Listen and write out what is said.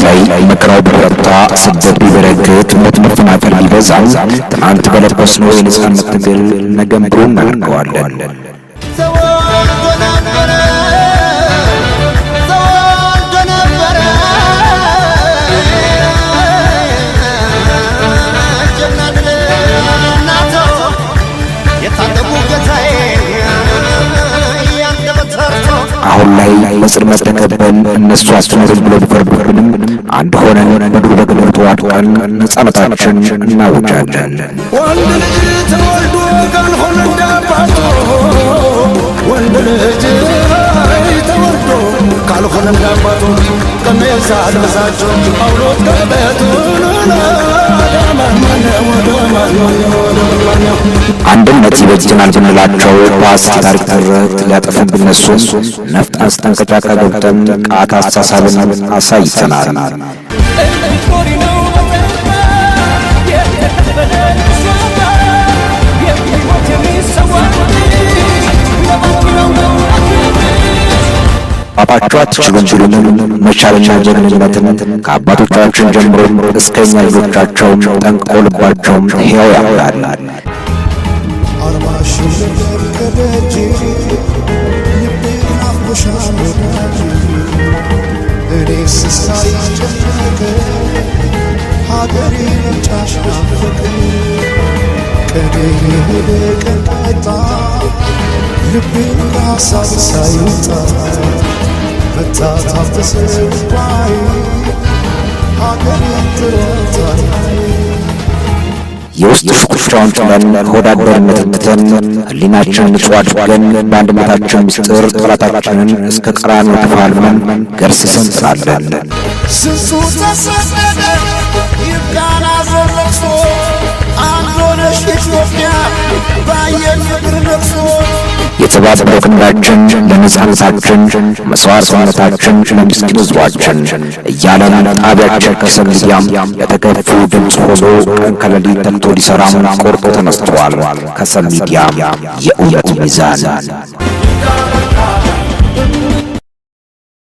ዛሬ ላይ መከራው በረታ፣ ስደት ቢበረግት ሞት መፈናቀል ቢበዛም ትናንት በለበስነው የነጻነት ትግል ነገም ብሩህ እናደርገዋለን። አሁን ላይ መጽር መጠቀበል እነሱ አስችሎቶች ብለው ቢፈርዱብንም አንድ ሆነ በዱር በገደል ተዋድቀን ነጻነታችን እናውጃለን። ወንድ ልጅ ተወልዶ ቀን ሆነ እንዳባቶ ወንድ ልጅ ተወልዶ ካልሆነ እንዳባቱ ቀሜሳ ልብሳቸው አውሎት ከቤቱን ወደ ማን ወደ ማን ወደ አንድነት ይበጅናል ብንላቸው በአስኪ ታሪክ ትርት ሊያጠፉብን እነሱም ነፍጥ አስጠንቀቂያ ከገብተን ቃት አሳሳብን አሳይተናል። አባቷቸው አትችሉም ቢሉንም መቻልና ጀግንነትን ከአባቶቻችን ጀምሮ እስከኛ ልጆቻቸው ጠንቅቆ ልባቸውም ሕያው ያደርጋል። ሽልደቀደጅ ልቤን አፍጎሻል ወዳጅ እኔ ስሳይ ጨነቀ ሀገሬ መምጫሽ ናፈቀ የውስጥ ሽኩቻዎችን ሆዳደርነትን ትተን ህሊናችን ንጹሕ አድርገን በአንድነታችን ምስጢር ጠላታችንን እስከ ቀራንዮ ተፋልመን ገርስሰን እንጥላለን። ለፍቅራችን ለነጻነታችን መስዋዕትነታችን ለምስኪን ሕዝባችን እያለን ጣቢያችን ከሰብ ሚዲያ ለተገፉ ድምፅ ሆኖ ቀን ከሌሊት ተግቶ ሊሰራም ቆርጦ ተነስተዋል። ከሰብ ሚዲያ የእውነት ሚዛን